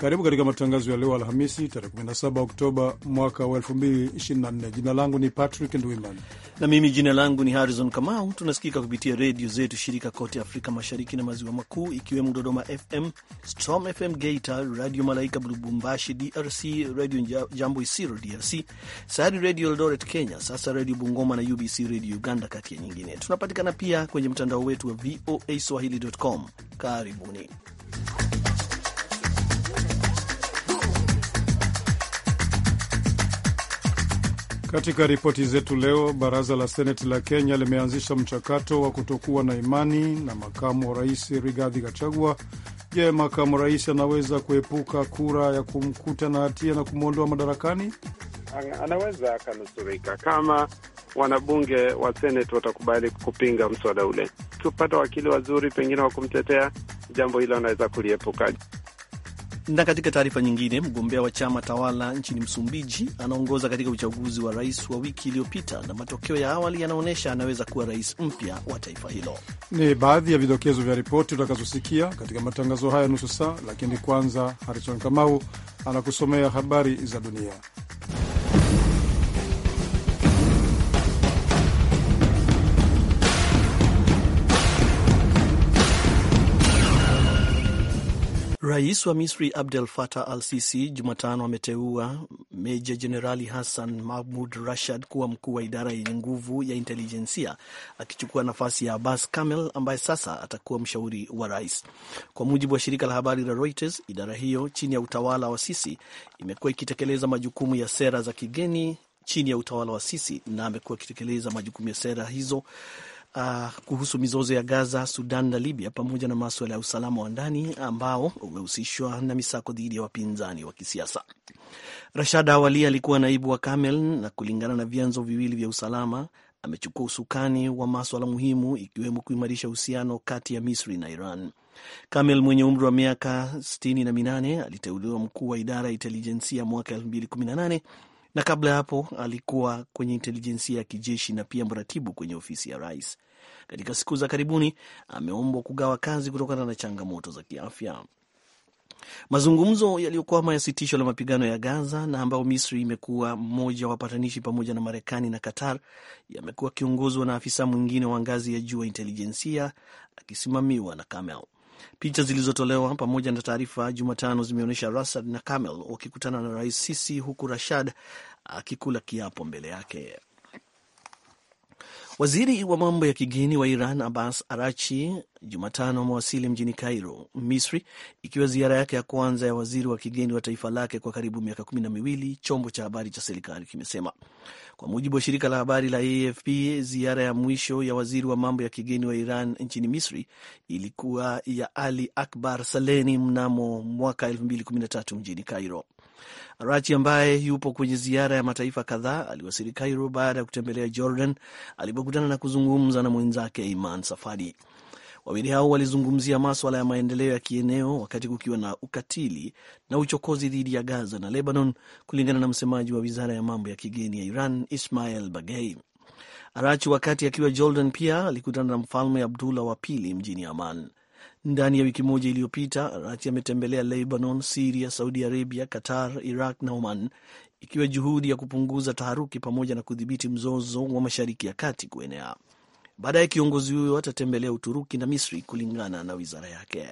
Karibu katika matangazo ya leo Alhamisi, tarehe 17 Oktoba mwaka wa 2024. Jina langu ni Patrick Ndwiman na mimi jina langu ni Harrison Kamau. Tunasikika kupitia redio zetu shirika kote Afrika Mashariki na Maziwa Makuu, ikiwemo Dodoma FM, Storm FM Geita, Radio Malaika Lubumbashi DRC, Radio Jambo Isiro DRC, Sayari Radio Eldoret Kenya, sasa Radio Bungoma na UBC Radio Uganda, kati ya nyingine. Tunapatikana pia kwenye mtandao wetu wa voa swahili.com. Karibuni. Katika ripoti zetu leo, baraza la seneti la Kenya limeanzisha mchakato wa kutokuwa na imani na makamu wa rais Rigathi Gachagua. Je, makamu rais anaweza kuepuka kura ya kumkuta na hatia na kumwondoa madarakani? Anaweza akanusurika kama wanabunge wa seneti watakubali kupinga mswada ule. Tupata wakili wazuri, pengine wa kumtetea, jambo hilo anaweza kuliepuka. Na katika taarifa nyingine, mgombea wa chama tawala nchini Msumbiji anaongoza katika uchaguzi wa rais wa wiki iliyopita, na matokeo ya awali yanaonyesha anaweza kuwa rais mpya wa taifa hilo. Ni baadhi ya vidokezo vya ripoti utakazosikia katika matangazo haya nusu saa, lakini kwanza, Harison Kamau anakusomea habari za dunia. Rais wa Misri Abdel Fattah al Sisi Jumatano ameteua Meja Jenerali Hassan Mahmud Rashad kuwa mkuu wa idara yenye nguvu ya intelijensia, akichukua nafasi ya Abbas Kamel ambaye sasa atakuwa mshauri wa rais, kwa mujibu wa shirika la habari la Reuters. Idara hiyo chini ya utawala wa Sisi imekuwa ikitekeleza majukumu ya sera za kigeni chini ya utawala wa Sisi, na amekuwa akitekeleza majukumu ya sera hizo uh, kuhusu mizozo ya Gaza, Sudan na Libya pamoja na maswala ya usalama wa ndani ambao umehusishwa na misako dhidi ya wapinzani wa kisiasa. Rashad Awali alikuwa naibu wa Kamel na kulingana na vyanzo viwili vya usalama amechukua usukani wa maswala muhimu ikiwemo kuimarisha uhusiano kati ya Misri na Iran. Kamel mwenye umri wa miaka sitini na minane aliteuliwa mkuu wa idara ya intelijensia mwaka 2018 na kabla ya hapo alikuwa kwenye intelijensia ya kijeshi na pia mratibu kwenye ofisi ya rais. Katika siku za karibuni ameombwa kugawa kazi kutokana na changamoto za kiafya. Mazungumzo yaliyokwama ya sitisho la mapigano ya Gaza na ambayo Misri imekuwa mmoja wa wapatanishi pamoja na Marekani na Qatar yamekuwa akiongozwa na afisa mwingine wa ngazi ya juu wa intelijensia akisimamiwa na Kamel. Picha zilizotolewa pamoja na taarifa Jumatano zimeonyesha Rasad na Kamel wakikutana na rais Sisi, huku Rashad akikula kiapo mbele yake. Waziri wa mambo ya kigeni wa Iran Abbas Arachi Jumatano amewasili mjini Cairo, Misri, ikiwa ziara yake ya kwanza ya waziri wa kigeni wa taifa lake kwa karibu miaka kumi na miwili, chombo cha habari cha serikali kimesema. Kwa mujibu wa shirika la habari la AFP, ziara ya mwisho ya waziri wa mambo ya kigeni wa Iran nchini Misri ilikuwa ya Ali Akbar Saleni mnamo mwaka 2013 mjini Cairo. Arachi ambaye yupo kwenye ziara ya mataifa kadhaa aliwasili Cairo baada ya kutembelea Jordan alipokutana na kuzungumza na mwenzake Iman Safadi. Wawili hao walizungumzia maswala ya maendeleo ya kieneo wakati kukiwa na ukatili na uchokozi dhidi ya Gaza na Lebanon, kulingana na msemaji wa wizara ya mambo ya kigeni ya Iran Ismail Bagei. Arachi wakati akiwa Jordan pia alikutana na mfalme Abdullah wa pili mjini Aman. Ndani ya wiki moja iliyopita, Rati ametembelea Lebanon, Siria, Saudi Arabia, Qatar, Iraq na Oman, ikiwa juhudi ya kupunguza taharuki pamoja na kudhibiti mzozo wa Mashariki ya Kati kuenea. Baadaye kiongozi huyo atatembelea Uturuki na Misri, kulingana na wizara yake.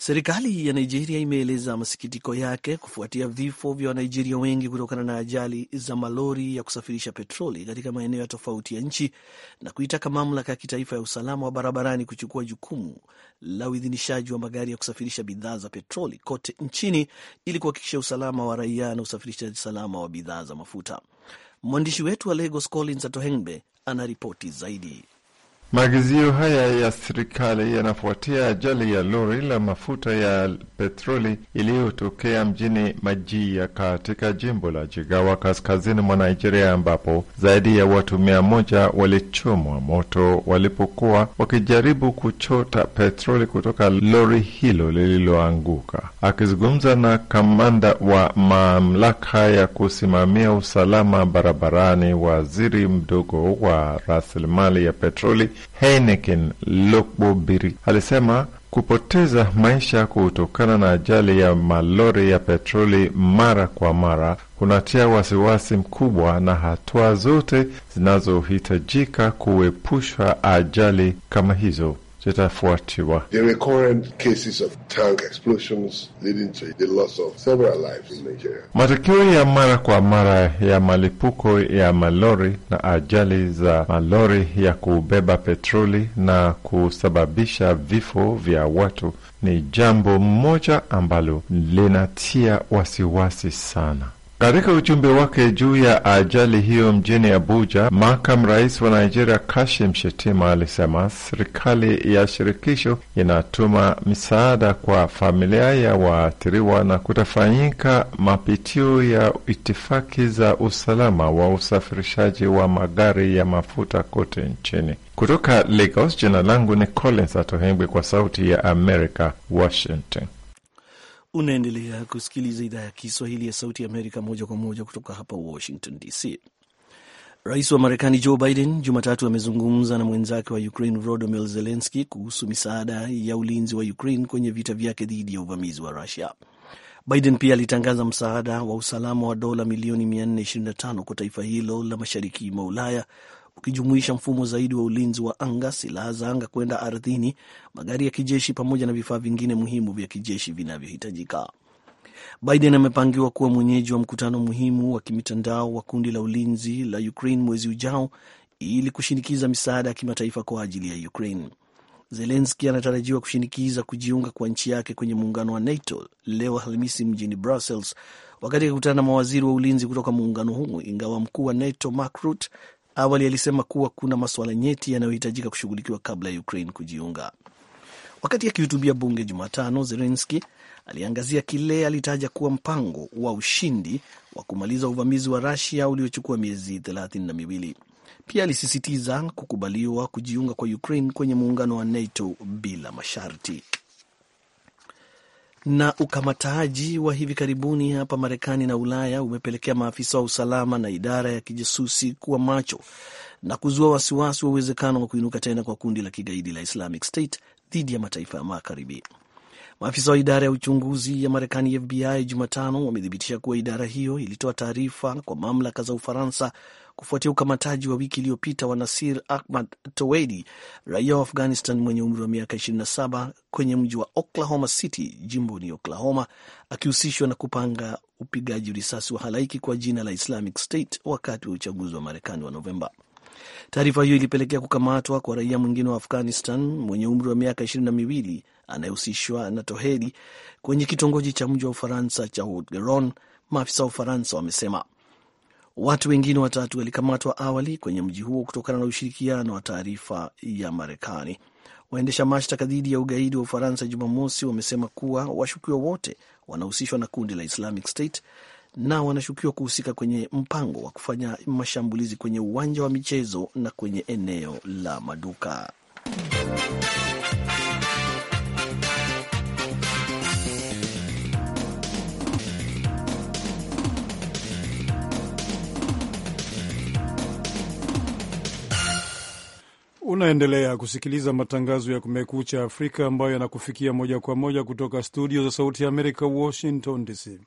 Serikali ya Nigeria imeeleza masikitiko yake kufuatia vifo vya Wanigeria wengi kutokana na ajali za malori ya kusafirisha petroli katika maeneo ya tofauti ya nchi na kuitaka mamlaka ya kitaifa ya usalama wa barabarani kuchukua jukumu la uidhinishaji wa magari ya kusafirisha bidhaa za petroli kote nchini ili kuhakikisha usalama wa raia na usafirishaji salama wa bidhaa za mafuta. Mwandishi wetu wa Lagos Collins Atohengbe ana ripoti zaidi. Maagizio haya ya serikali yanafuatia ajali ya lori la mafuta ya petroli iliyotokea mjini Majia katika jimbo la Jigawa kaskazini mwa Nigeria, ambapo zaidi ya watu mia moja walichomwa moto walipokuwa wakijaribu kuchota petroli kutoka lori hilo lililoanguka. Akizungumza na kamanda wa mamlaka ya kusimamia usalama barabarani, waziri mdogo wa rasilimali ya petroli Heineken Lokbobiri alisema kupoteza maisha kutokana na ajali ya malori ya petroli mara kwa mara kunatia wasiwasi mkubwa na hatua zote zinazohitajika kuepusha ajali kama hizo zitafuatiwa. The recurrent cases of tank explosions leading to the loss of several lives in Nigeria. Matukio ya mara kwa mara ya malipuko ya malori na ajali za malori ya kubeba petroli na kusababisha vifo vya watu ni jambo moja ambalo linatia wasiwasi sana. Katika ujumbe wake juu ya ajali hiyo mjini Abuja, makamu rais wa Nigeria Kashim Shettima alisema serikali ya shirikisho inatuma misaada kwa familia ya waathiriwa na kutafanyika mapitio ya itifaki za usalama wa usafirishaji wa magari ya mafuta kote nchini. Kutoka Lagos, jina langu ni Collins Atohengwi, kwa Sauti ya America, Washington. Unaendelea kusikiliza idhaa ya Kiswahili ya Sauti ya Amerika moja kwa moja kutoka hapa Washington DC. Rais wa Marekani Joe Biden Jumatatu amezungumza na mwenzake wa Ukraine Volodymyr Zelensky kuhusu misaada ya ulinzi wa Ukraine kwenye vita vyake dhidi ya uvamizi wa Rusia. Biden pia alitangaza msaada wa usalama wa dola milioni 425 kwa taifa hilo la mashariki mwa Ulaya ukijumuisha mfumo zaidi wa ulinzi wa anga, silaha za anga kwenda ardhini, magari ya kijeshi pamoja na vifaa vingine muhimu vya kijeshi vinavyohitajika. Biden amepangiwa kuwa mwenyeji wa mkutano muhimu wa kimitandao wa kundi la ulinzi la Ukraine mwezi ujao ili kushinikiza misaada ya kimataifa kwa ajili ya Ukraine. Zelenski anatarajiwa kushinikiza kujiunga kwa nchi yake kwenye muungano wa NATO leo Alhamisi mjini Brussels, wakati akikutana na mawaziri wa ulinzi kutoka muungano huu, ingawa mkuu wa NATO Mark Rutte Awali alisema kuwa kuna masuala nyeti yanayohitajika kushughulikiwa kabla ya Ukraine kujiunga. Wakati akihutubia bunge Jumatano, zelenski aliangazia kile alitaja kuwa mpango wa ushindi wa kumaliza uvamizi wa Rusia uliochukua miezi thelathini na miwili. Pia alisisitiza kukubaliwa kujiunga kwa Ukraine kwenye muungano wa NATO bila masharti. Na ukamataji wa hivi karibuni hapa Marekani na Ulaya umepelekea maafisa wa usalama na idara ya kijasusi kuwa macho na kuzua wasiwasi wa uwezekano wa kuinuka tena kwa kundi la kigaidi la Islamic State dhidi ya mataifa ya magharibi. Maafisa wa idara ya uchunguzi ya Marekani, FBI, Jumatano wamethibitisha kuwa idara hiyo ilitoa taarifa kwa mamlaka za Ufaransa kufuatia ukamataji wa wiki iliyopita wa Nasir Ahmad towedi raia wa Afghanistan mwenye umri wa miaka 27 kwenye mji wa Oklahoma City ni Oklahoma, akihusishwa na kupanga upigaji risasi wa halaiki kwa jina la Islamic State wakati wa uchaguzi wa Marekani wa Novemba. Taarifa hiyo ilipelekea kukamatwa kwa raia mwingine wa Afghanistan mwenye umri wa miaka ishirini na miwili anayehusishwa na Toheri kwenye kitongoji cha mji wa Ufaransa cha Haut-Garonne, maafisa wa Ufaransa wamesema. Watu wengine watatu walikamatwa awali kwenye mji huo kutokana na ushirikiano wa taarifa ya Marekani. Waendesha mashtaka dhidi ya ugaidi wa Ufaransa Jumamosi wamesema kuwa washukiwa wote wanahusishwa na kundi la Islamic State na wanashukiwa kuhusika kwenye mpango wa kufanya mashambulizi kwenye uwanja wa michezo na kwenye eneo la maduka. Unaendelea kusikiliza matangazo ya Kumekucha Afrika ambayo yanakufikia moja kwa moja kutoka studio za Sauti ya Amerika, Washington DC.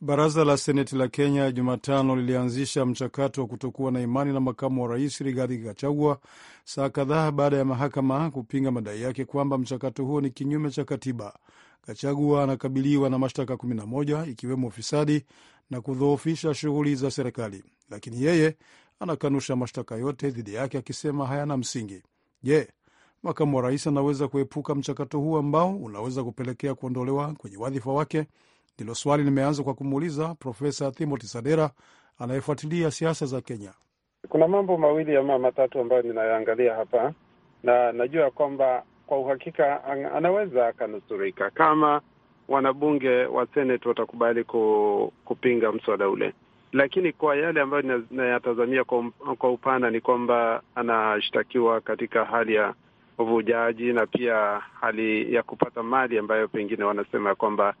Baraza la Seneti la Kenya Jumatano lilianzisha mchakato wa kutokuwa na imani na makamu wa rais Rigathi Gachagua saa kadhaa baada ya mahakama kupinga madai yake kwamba mchakato huo ni kinyume cha katiba. Gachagua anakabiliwa na mashtaka 11 ikiwemo ufisadi na kudhoofisha shughuli za serikali, lakini yeye anakanusha mashtaka yote dhidi yake akisema hayana msingi. Je, makamu wa rais anaweza kuepuka mchakato huu ambao unaweza kupelekea kuondolewa kwenye wadhifa wake? Ndilo swali limeanza kwa kumuuliza Profesa Timothy Sadera anayefuatilia siasa za Kenya. Kuna mambo mawili ama matatu ambayo ninayoangalia hapa, na najua kwamba kwa uhakika anaweza akanusurika kama wanabunge wa Senate watakubali ku, kupinga mswada ule lakini kwa yale ambayo nayatazamia um-, kwa upana ni kwamba anashtakiwa katika hali ya uvujaji na pia hali ya kupata mali ambayo pengine wanasema kwamba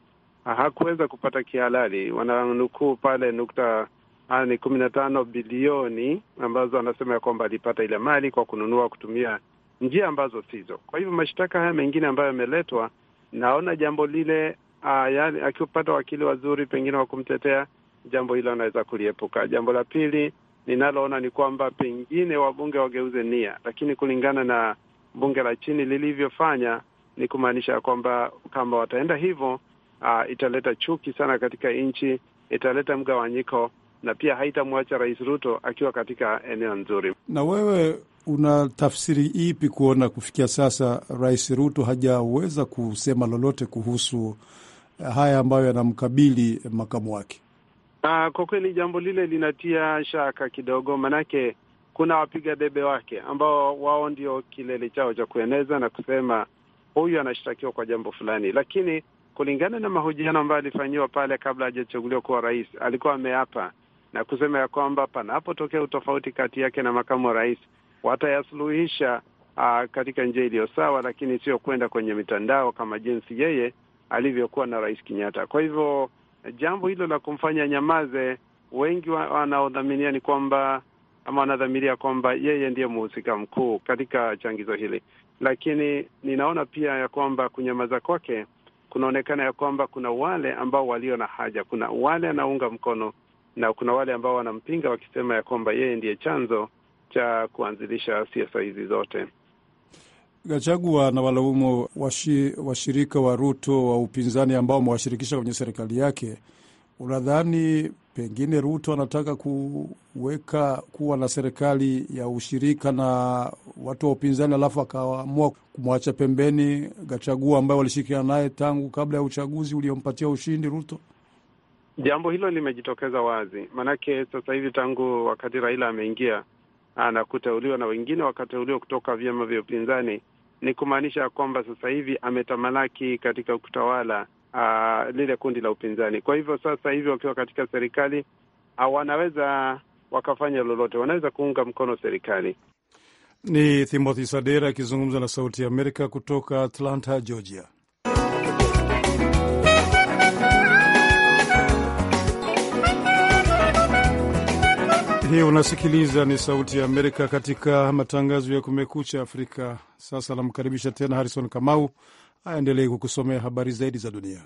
hakuweza kupata kihalali. Wananukuu pale nukta ah, ni kumi na tano bilioni ambazo anasema ya kwamba alipata ile mali kwa kununua kutumia njia ambazo sizo. Kwa hivyo mashtaka haya mengine ambayo yameletwa, naona jambo lile, ah, akipata wakili wazuri pengine wa kumtetea jambo hilo anaweza kuliepuka. Jambo la pili ninaloona ni kwamba pengine wabunge wageuze nia, lakini kulingana na bunge la chini lilivyofanya ni kumaanisha kwamba kama wataenda hivyo, uh, italeta chuki sana katika nchi, italeta mgawanyiko na pia haitamwacha Rais Ruto akiwa katika eneo nzuri. Na wewe una tafsiri ipi kuona kufikia sasa Rais Ruto hajaweza kusema lolote kuhusu haya ambayo yanamkabili makamu wake? Uh, kwa kweli jambo lile linatia shaka kidogo, manake kuna wapiga debe wake ambao wao ndio kilele chao cha kueneza na kusema huyu anashtakiwa kwa jambo fulani, lakini kulingana na mahojiano ambayo alifanyiwa pale kabla hajachaguliwa kuwa rais, alikuwa ameapa na kusema ya kwamba panapotokea utofauti kati yake na makamu wa rais watayasuluhisha uh, katika njia iliyo sawa, lakini sio kwenda kwenye mitandao kama jinsi yeye alivyokuwa na rais Kenyatta. Kwa hivyo Jambo hilo la kumfanya nyamaze, wengi wanaodhaminia ni kwamba ama wanadhamiria kwamba yeye ndiye mhusika mkuu katika changizo hili, lakini ninaona pia ya kwamba kunyamaza kwake kunaonekana ya kwamba kuna wale ambao walio na haja, kuna wale anaunga mkono na kuna wale ambao wanampinga wakisema ya kwamba yeye ndiye chanzo cha kuanzilisha siasa hizi zote. Gachagua na walaumu washi, washirika wa Ruto wa upinzani ambao wamewashirikisha kwenye serikali yake. Unadhani pengine Ruto anataka kuweka kuwa na serikali ya ushirika na watu wa upinzani, alafu akaamua kumwacha pembeni Gachagua ambaye walishirikiana naye tangu kabla ya uchaguzi uliompatia ushindi Ruto? Jambo hilo limejitokeza wazi, maanake sasa hivi tangu wakati Raila ameingia anakuteuliwa na wengine wakateuliwa kutoka vyama vya upinzani ni kumaanisha kwamba sasa hivi ametamalaki katika kutawala uh, lile kundi la upinzani. Kwa hivyo sasa hivi wakiwa katika serikali uh, wanaweza wakafanya lolote, wanaweza kuunga mkono serikali. Ni Timothy Sadera akizungumza na Sauti ya Amerika kutoka Atlanta, Georgia. hii unasikiliza ni Sauti ya Amerika katika matangazo ya Kumekucha Afrika. Sasa namkaribisha tena Harrison Kamau aendelee kukusomea habari zaidi za dunia.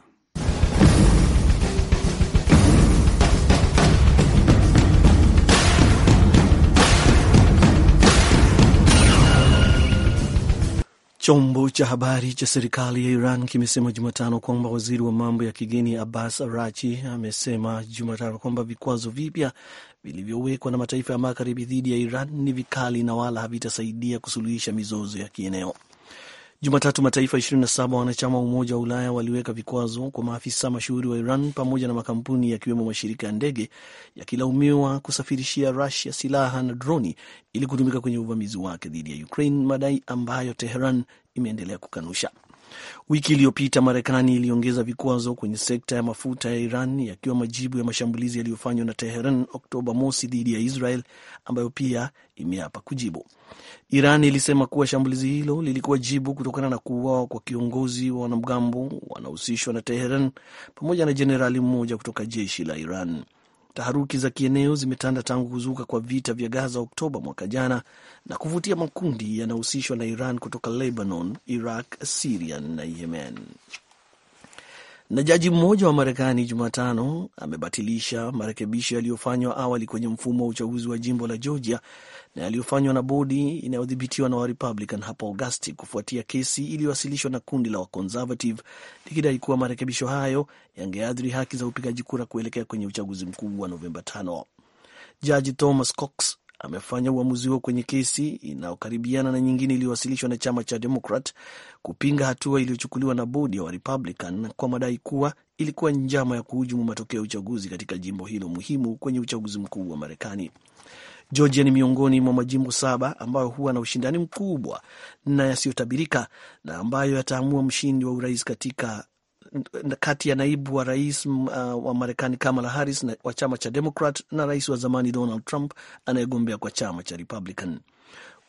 Chombo cha habari cha serikali ya Iran kimesema Jumatano kwamba waziri wa mambo ya kigeni Abbas Arachi amesema Jumatano kwamba vikwazo vipya vilivyowekwa na mataifa ya magharibi dhidi ya Iran ni vikali na wala havitasaidia kusuluhisha mizozo ya kieneo. Jumatatu, mataifa 27 wanachama wa Umoja wa Ulaya waliweka vikwazo kwa maafisa mashuhuri wa Iran pamoja na makampuni yakiwemo mashirika ya ndege yakilaumiwa kusafirishia Rusia silaha na droni ili kutumika kwenye uvamizi wake dhidi ya Ukraine, madai ambayo Teheran imeendelea kukanusha. Wiki iliyopita Marekani iliongeza vikwazo kwenye sekta ya mafuta ya Iran, yakiwa majibu ya mashambulizi yaliyofanywa na Teheran Oktoba mosi dhidi ya Israel, ambayo pia imeapa kujibu. Iran ilisema kuwa shambulizi hilo lilikuwa jibu kutokana na kuuawa kwa kiongozi wa wanamgambo wanaohusishwa na Teheran pamoja na jenerali mmoja kutoka jeshi la Iran. Taharuki za kieneo zimetanda tangu kuzuka kwa vita vya Gaza Oktoba mwaka jana na kuvutia makundi yanayohusishwa na Iran kutoka Lebanon, Iraq, Siria na Yemen. Na jaji mmoja wa Marekani Jumatano amebatilisha marekebisho yaliyofanywa awali kwenye mfumo wa uchaguzi wa jimbo la Georgia na yaliyofanywa na bodi inayodhibitiwa na Warepublican hapo Augusti, kufuatia kesi iliyowasilishwa na kundi la Waconservative likidai kuwa marekebisho hayo yangeathiri haki za upigaji kura kuelekea kwenye uchaguzi mkuu wa Novemba 5. Jaji Thomas Cox amefanya uamuzi huo kwenye kesi inayokaribiana na nyingine iliyowasilishwa na chama cha Demokrat kupinga hatua iliyochukuliwa na bodi ya wa kwa madai kuwa ilikuwa njama ya kuhujumu matokeo ya uchaguzi katika jimbo hilo muhimu kwenye uchaguzi mkuu wa Marekani. Georgia ni miongoni mwa majimbo saba ambayo huwa na ushindani mkubwa na yasiyotabirika na ambayo yataamua mshindi wa urais katika kati ya naibu wa rais uh, wa Marekani Kamala Harris na, wa chama cha Democrat na rais wa zamani Donald Trump anayegombea kwa chama cha Republican.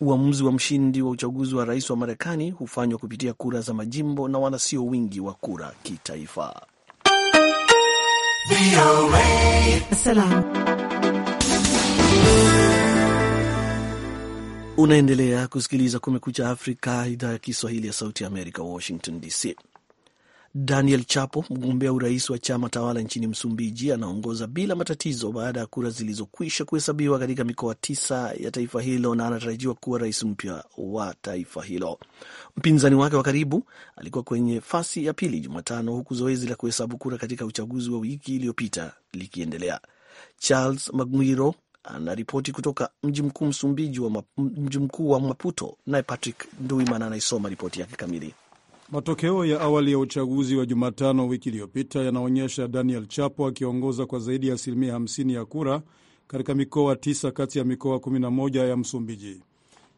Uamuzi wa mshindi wa uchaguzi wa rais wa Marekani hufanywa kupitia kura za majimbo na wala sio wingi wa kura kitaifa. Unaendelea kusikiliza Kumekucha Afrika, idhaa ya Kiswahili ya Sauti ya Amerika, Washington DC. Daniel Chapo, mgombea urais wa chama tawala nchini Msumbiji, anaongoza bila matatizo baada ya kura zilizokwisha kuhesabiwa katika mikoa tisa ya taifa hilo na anatarajiwa kuwa rais mpya wa taifa hilo. Mpinzani wake wa karibu alikuwa kwenye fasi ya pili Jumatano, huku zoezi la kuhesabu kura katika uchaguzi wa wiki iliyopita likiendelea. Charles Magwiro anaripoti kutoka mji mkuu Msumbiji wa mji mkuu wa Maputo, naye Patrick Nduimana anaisoma ripoti yake kamili. Matokeo ya awali ya uchaguzi wa Jumatano wiki iliyopita yanaonyesha Daniel Chapo akiongoza kwa zaidi ya asilimia 50 ya kura katika mikoa 9 kati ya mikoa 11 ya Msumbiji.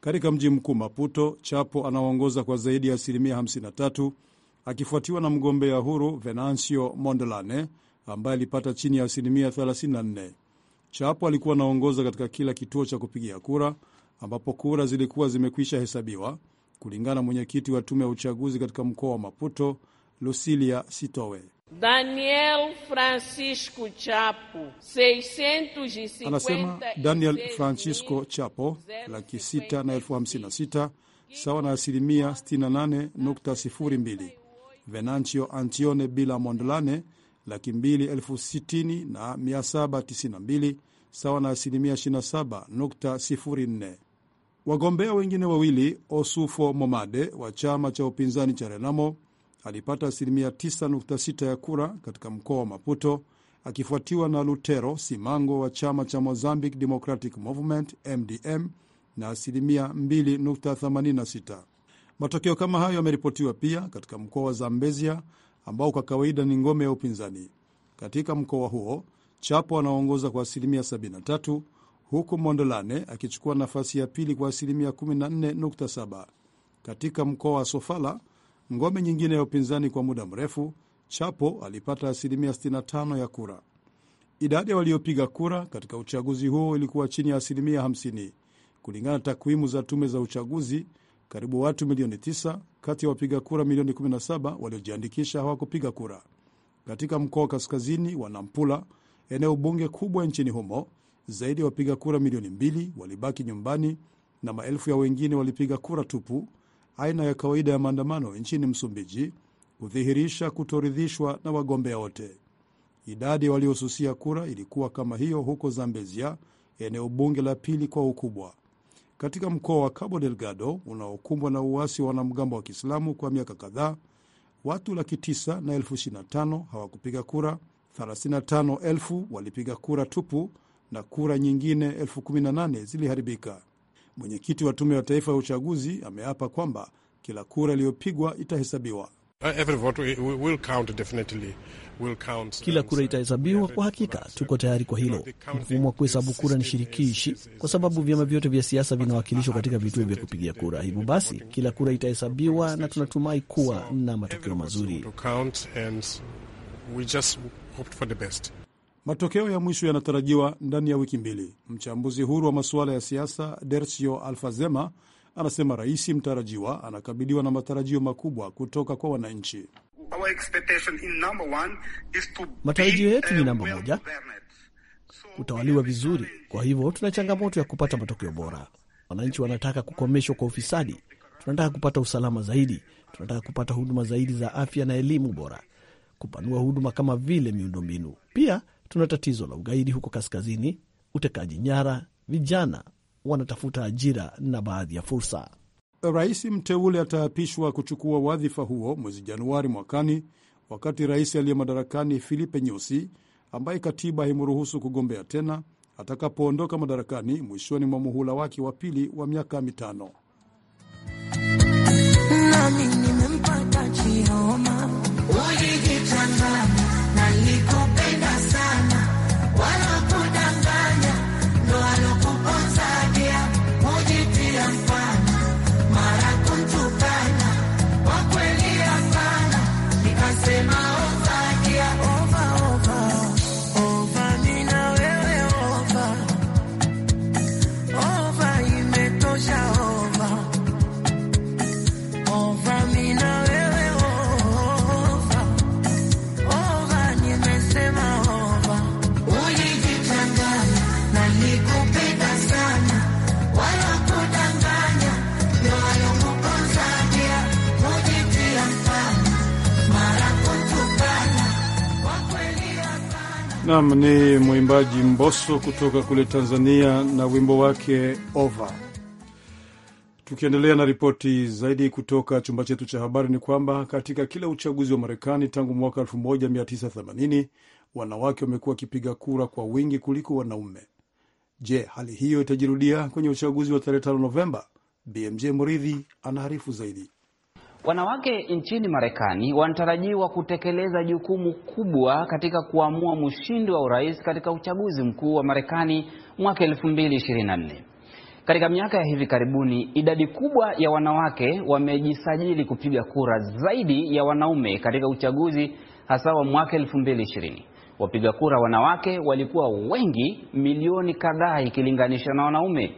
Katika mji mkuu Maputo, Chapo anaongoza kwa zaidi ya asilimia 53 akifuatiwa na mgombea huru Venancio Mondlane ambaye alipata chini ya asilimia 34. Chapo alikuwa anaongoza katika kila kituo cha kupigia kura ambapo kura zilikuwa zimekwisha hesabiwa kulingana na mwenyekiti wa tume ya uchaguzi katika mkoa wa Maputo, Lusilia Sitowe. Daniel Francisco Chapo e e anasema Daniel Francisco Chapo laki e sita na elfu hamsini na sita sawa na asilimia 68.02. Venancio Antione Bila Mondlane laki mbili elfu sitini na mia saba tisini na mbili sawa na asilimia 27.04. Wagombea wengine wawili, Osufo Momade wa chama cha upinzani cha Renamo alipata asilimia 9.6 ya kura katika mkoa wa Maputo, akifuatiwa na Lutero Simango wa chama cha Mozambique Democratic Movement MDM na asilimia 2.86. Matokeo kama hayo yameripotiwa pia katika mkoa wa Zambezia ambao kwa kawaida ni ngome ya upinzani. Katika mkoa huo Chapo anaongoza kwa asilimia 73 huku mondolane akichukua nafasi ya pili kwa asilimia 14.7. Katika mkoa wa Sofala, ngome nyingine ya upinzani kwa muda mrefu, Chapo alipata asilimia 65 ya kura. Idadi ya waliopiga kura katika uchaguzi huo ilikuwa chini ya asilimia 50. Kulingana na takwimu za tume za uchaguzi, karibu watu milioni 9 kati ya wapiga kura milioni 17 waliojiandikisha hawakupiga kura. Katika mkoa wa kaskazini wa Nampula, eneo bunge kubwa nchini humo, zaidi ya wapiga kura milioni mbili walibaki nyumbani na maelfu ya wengine walipiga kura tupu, aina ya kawaida ya maandamano nchini Msumbiji, kudhihirisha kutoridhishwa na wagombea wote. Idadi waliosusia kura ilikuwa kama hiyo huko Zambezia, eneo bunge la pili kwa ukubwa katika mkoa wa Cabo Delgado unaokumbwa na uasi wa wanamgambo wa Kiislamu kwa miaka kadhaa. Watu laki tisa na elfu ishirini na tano hawakupiga kura, 35 elfu walipiga kura tupu, na kura nyingine 18 ziliharibika. Mwenyekiti wa tume ya taifa ya uchaguzi ameapa kwamba kila kura iliyopigwa itahesabiwa. Kila kura itahesabiwa kwa hakika, tuko tayari kwa hilo. Mfumo wa kuhesabu kura ni shirikishi, kwa sababu vyama vyote vya siasa vinawakilishwa katika vituo vya kupigia kura. Hivyo basi, kila kura itahesabiwa na tunatumai kuwa na matokeo mazuri. Matokeo ya mwisho yanatarajiwa ndani ya wiki mbili. Mchambuzi huru wa masuala ya siasa Dersio Alfazema anasema rais mtarajiwa anakabiliwa na matarajio makubwa kutoka kwa wananchi. Matarajio yetu ni namba moja, utawaliwa vizuri. Kwa hivyo tuna changamoto ya kupata matokeo bora. Wananchi wanataka kukomeshwa kwa ufisadi, tunataka kupata usalama zaidi, tunataka kupata huduma zaidi za afya na elimu bora, kupanua huduma kama vile miundombinu. Pia Tuna tatizo la ugaidi huko kaskazini, utekaji nyara, vijana wanatafuta ajira na baadhi ya fursa. Rais mteule ataapishwa kuchukua wadhifa huo mwezi Januari mwakani, wakati rais aliye madarakani Filipe Nyusi, ambaye katiba haimruhusu kugombea tena, atakapoondoka madarakani mwishoni mwa muhula wake wa pili wa miaka mitano. Nam ni mwimbaji mboso kutoka kule Tanzania na wimbo wake ova Tukiendelea na ripoti zaidi kutoka chumba chetu cha habari ni kwamba katika kila uchaguzi wa Marekani tangu mwaka 1980 wanawake wamekuwa wakipiga kura kwa wingi kuliko wanaume. Je, hali hiyo itajirudia kwenye uchaguzi wa tarehe 5 Novemba? BMJ Muridhi anaarifu zaidi. Wanawake nchini Marekani wanatarajiwa kutekeleza jukumu kubwa katika kuamua mshindi wa urais katika uchaguzi mkuu wa Marekani mwaka 2024. Katika miaka ya hivi karibuni, idadi kubwa ya wanawake wamejisajili kupiga kura zaidi ya wanaume katika uchaguzi hasa wa mwaka 2020. Wapiga kura wanawake walikuwa wengi milioni kadhaa ikilinganisha na wanaume.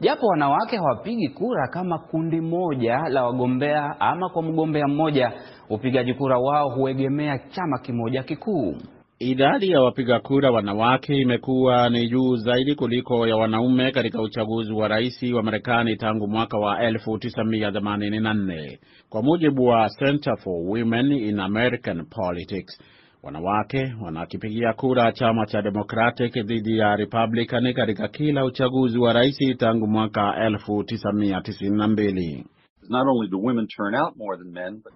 Japo wanawake hawapigi kura kama kundi moja la wagombea ama kwa mgombea mmoja, upigaji kura wao huegemea chama kimoja kikuu. Idadi ya wapiga kura wanawake imekuwa ni juu zaidi kuliko ya wanaume katika uchaguzi wa rais wa Marekani tangu mwaka wa 1984 kwa mujibu wa Center for Women in American Politics wanawake wanakipigia kura chama cha Democratic dhidi ya Republican katika kila uchaguzi wa rais tangu mwaka 1992.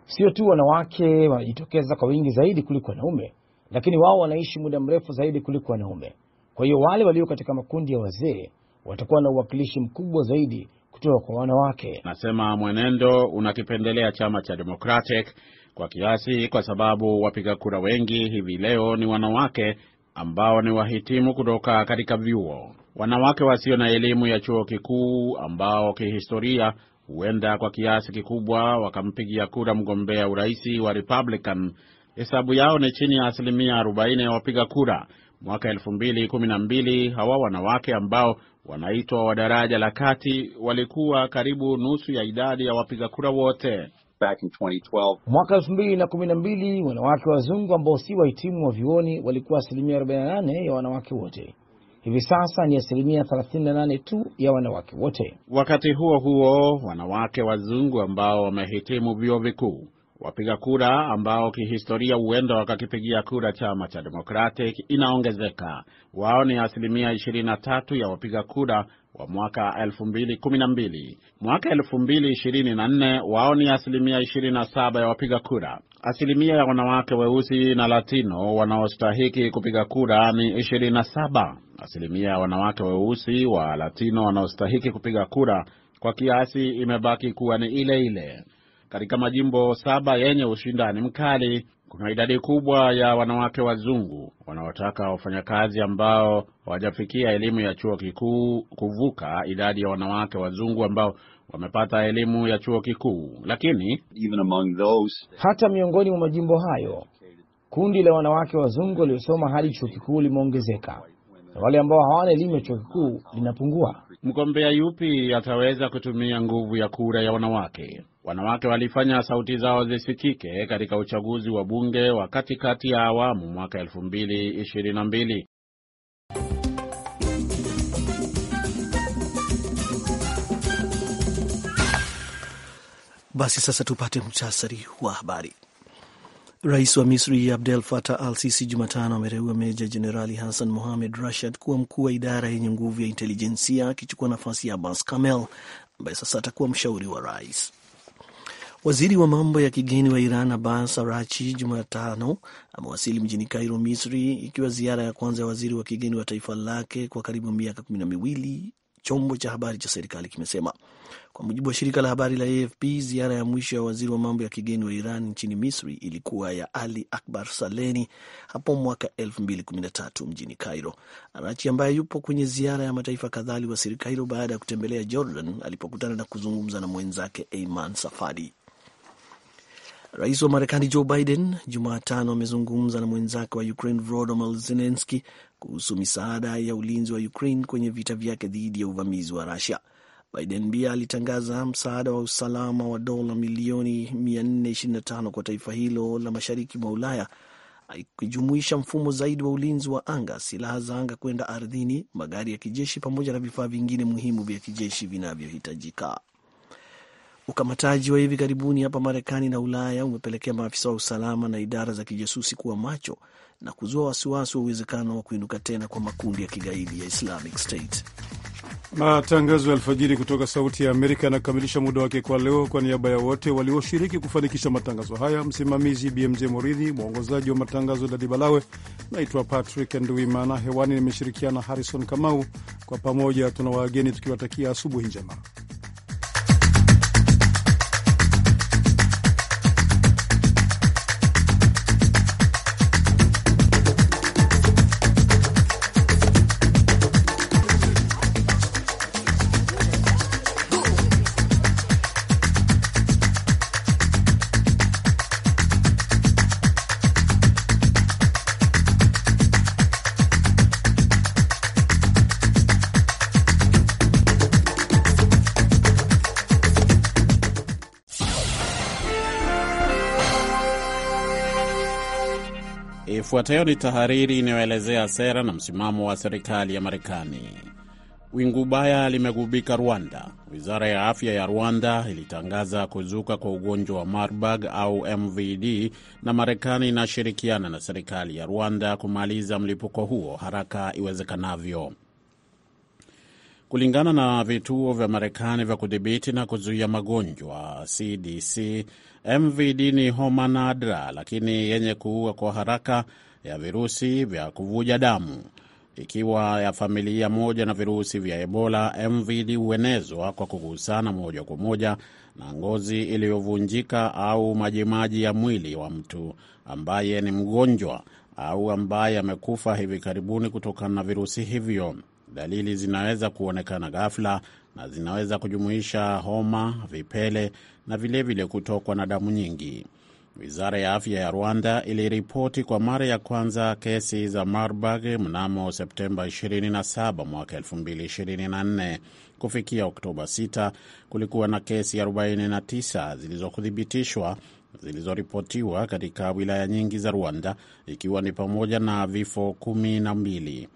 Sio tu wanawake wanajitokeza kwa wingi zaidi kuliko wanaume, lakini wao wanaishi muda mrefu zaidi kuliko wanaume. Kwa hiyo wale walio katika makundi ya wazee watakuwa na uwakilishi mkubwa zaidi kutoka kwa wanawake. Nasema mwenendo unakipendelea chama cha Democratic kwa kiasi, kwa sababu wapiga kura wengi hivi leo ni wanawake ambao ni wahitimu kutoka katika vyuo. Wanawake wasio na elimu ya chuo kikuu ambao kihistoria huenda kwa kiasi kikubwa wakampigia kura mgombea uraisi wa Republican, hesabu yao ni chini ya asilimia 40 ya wapiga kura. Mwaka 212 hawa wanawake ambao wanaitwa wa daraja la kati walikuwa karibu nusu ya idadi ya wapiga kura wote back in 2012. Mwaka 2012 wanawake wazungu ambao si wahitimu wa vyuoni walikuwa asilimia 48 ya wanawake wote. Hivi sasa ni asilimia 38 tu ya wanawake wote. Wakati huo huo, wanawake wazungu ambao wamehitimu vyuo vikuu wapiga kura ambao kihistoria huenda wakakipigia kura chama cha Democratic inaongezeka. Wao ni asilimia 23 ya wapiga kura wa mwaka 2012. Mwaka 2024 wao ni asilimia 27 ya wapiga kura. Asilimia ya wanawake weusi na Latino wanaostahiki kupiga kura ni 27. Asilimia ya wanawake weusi wa Latino wanaostahiki kupiga kura kwa kiasi imebaki kuwa ni ile ile. Katika majimbo saba yenye ushindani mkali kuna idadi kubwa ya wanawake wazungu wanaotaka wafanyakazi ambao hawajafikia elimu ya chuo kikuu kuvuka idadi ya wanawake wazungu ambao wamepata elimu ya chuo kikuu. Lakini Even among those... hata miongoni mwa majimbo hayo kundi la wanawake wazungu waliosoma hadi chuo kikuu limeongezeka na wale ambao hawana elimu ya chuo kikuu linapungua mgombea yupi ataweza kutumia nguvu ya kura ya wanawake. Wanawake walifanya sauti zao zisikike katika uchaguzi wa bunge wa katikati ya awamu mwaka 2022. Basi sasa tupate muhtasari wa habari. Rais wa Misri Abdel Fattah al Sisi Jumatano ameteua Meja Jenerali Hassan Mohamed Rashad kuwa mkuu wa idara yenye nguvu ya intelijensia akichukua nafasi ya Abbas Kamel ambaye sasa atakuwa mshauri wa rais. Waziri wa mambo ya kigeni wa Iran Abbas Arachi Jumatano amewasili mjini Cairo, Misri, ikiwa ziara ya kwanza ya waziri wa kigeni wa taifa lake kwa karibu miaka kumi na miwili chombo cha habari cha serikali kimesema. Kwa mujibu wa shirika la habari la AFP, ziara ya mwisho ya waziri wa mambo ya kigeni wa Iran nchini Misri ilikuwa ya Ali Akbar Saleni hapo mwaka 2013 mjini Cairo. Arachi ambaye yupo kwenye ziara ya mataifa kadhaa aliwasili Cairo baada ya kutembelea Jordan alipokutana na kuzungumza na mwenzake Ayman Safadi. Rais wa Marekani Joe Biden Jumatano amezungumza na mwenzake wa Ukraine Volodymyr Zelensky kuhusu misaada ya ulinzi wa Ukraine kwenye vita vyake dhidi ya uvamizi wa rasia Biden pia alitangaza msaada wa usalama wa dola milioni 425 kwa taifa hilo la mashariki mwa Ulaya, akijumuisha mfumo zaidi wa ulinzi wa anga, silaha za anga kwenda ardhini, magari ya kijeshi pamoja na vifaa vingine muhimu vya kijeshi vinavyohitajika. Ukamataji wa hivi karibuni hapa Marekani na Ulaya umepelekea maafisa wa usalama na idara za kijasusi kuwa macho na kuzua wasiwasi wa uwezekano wa kuinuka tena kwa makundi ya kigaidi ya Islamic State. Matangazo ya alfajiri kutoka Sauti ya Amerika yanakamilisha muda wake kwa leo. Kwa niaba ya wote walioshiriki kufanikisha matangazo haya, msimamizi BMJ Moridhi, mwongozaji wa matangazo Dadi Balawe, naitwa Patrick Nduimana. Hewani nimeshirikiana Harrison Kamau. Kwa pamoja tuna wageni tukiwatakia asubuhi njema. Ifuatayo ni tahariri inayoelezea sera na msimamo wa serikali ya Marekani. Wingu baya limegubika Rwanda. Wizara ya afya ya Rwanda ilitangaza kuzuka kwa ugonjwa wa Marburg au MVD, na Marekani inashirikiana na serikali ya Rwanda kumaliza mlipuko huo haraka iwezekanavyo. Kulingana na vituo vya Marekani vya kudhibiti na kuzuia magonjwa CDC, mvd ni homa nadra lakini yenye kuua kwa haraka ya virusi vya kuvuja damu ikiwa ya familia moja na virusi vya Ebola. MVD huenezwa kwa kugusana moja kwa moja na ngozi iliyovunjika au majimaji ya mwili wa mtu ambaye ni mgonjwa au ambaye amekufa hivi karibuni kutokana na virusi hivyo. Dalili zinaweza kuonekana ghafla na zinaweza kujumuisha homa, vipele na vilevile kutokwa na damu nyingi. Wizara ya afya ya Rwanda iliripoti kwa mara ya kwanza kesi za Marburg mnamo Septemba 27 mwaka 2024. Kufikia Oktoba 6 kulikuwa na kesi 49 zilizothibitishwa zilizoripotiwa katika wilaya nyingi za Rwanda, ikiwa ni pamoja na vifo kumi na mbili.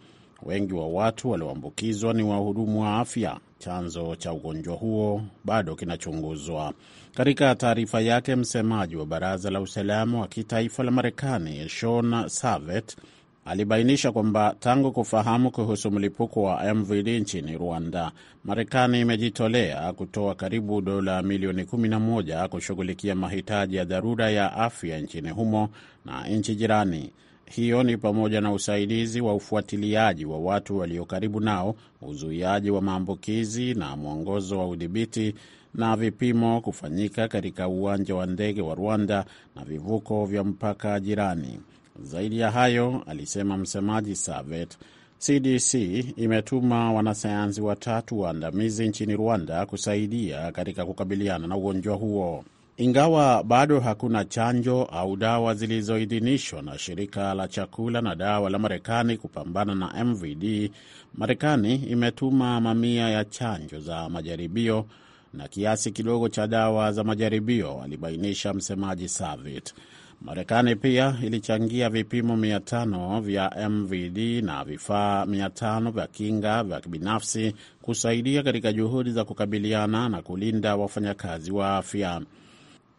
Wengi wa watu walioambukizwa ni wahudumu wa afya. Chanzo cha ugonjwa huo bado kinachunguzwa. Katika taarifa yake, msemaji wa baraza la usalama wa kitaifa la Marekani Sean Savet alibainisha kwamba tangu kufahamu kuhusu mlipuko wa MVD nchini Rwanda, Marekani imejitolea kutoa karibu dola milioni 11 kushughulikia mahitaji ya dharura ya afya nchini humo na nchi jirani. Hiyo ni pamoja na usaidizi wa ufuatiliaji wa watu walio karibu nao, uzuiaji wa maambukizi na mwongozo wa udhibiti na vipimo kufanyika katika uwanja wa ndege wa Rwanda na vivuko vya mpaka jirani. Zaidi ya hayo, alisema msemaji Savet, CDC imetuma wanasayansi watatu waandamizi nchini Rwanda kusaidia katika kukabiliana na ugonjwa huo. Ingawa bado hakuna chanjo au dawa zilizoidhinishwa na shirika la chakula na dawa la Marekani kupambana na MVD, Marekani imetuma mamia ya chanjo za majaribio na kiasi kidogo cha dawa za majaribio, alibainisha msemaji Savit. Marekani pia ilichangia vipimo 500 vya MVD na vifaa 500 vya kinga vya kibinafsi kusaidia katika juhudi za kukabiliana na kulinda wafanyakazi wa afya.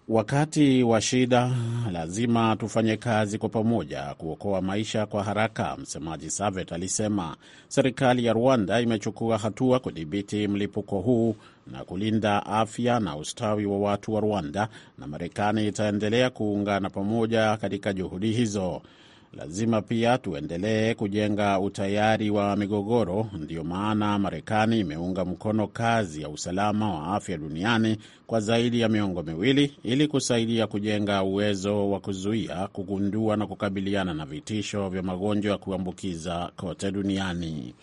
Wakati wa shida lazima tufanye kazi kwa pamoja kuokoa maisha kwa haraka, msemaji Savet alisema. Serikali ya Rwanda imechukua hatua kudhibiti mlipuko huu na kulinda afya na ustawi wa watu wa Rwanda, na Marekani itaendelea kuungana pamoja katika juhudi hizo. Lazima pia tuendelee kujenga utayari wa migogoro. Ndiyo maana Marekani imeunga mkono kazi ya usalama wa afya duniani kwa zaidi ya miongo miwili ili kusaidia kujenga uwezo wa kuzuia, kugundua na kukabiliana na vitisho vya magonjwa ya kuambukiza kote duniani.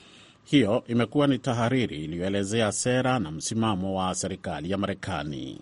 Hiyo imekuwa ni tahariri iliyoelezea sera na msimamo wa serikali ya Marekani.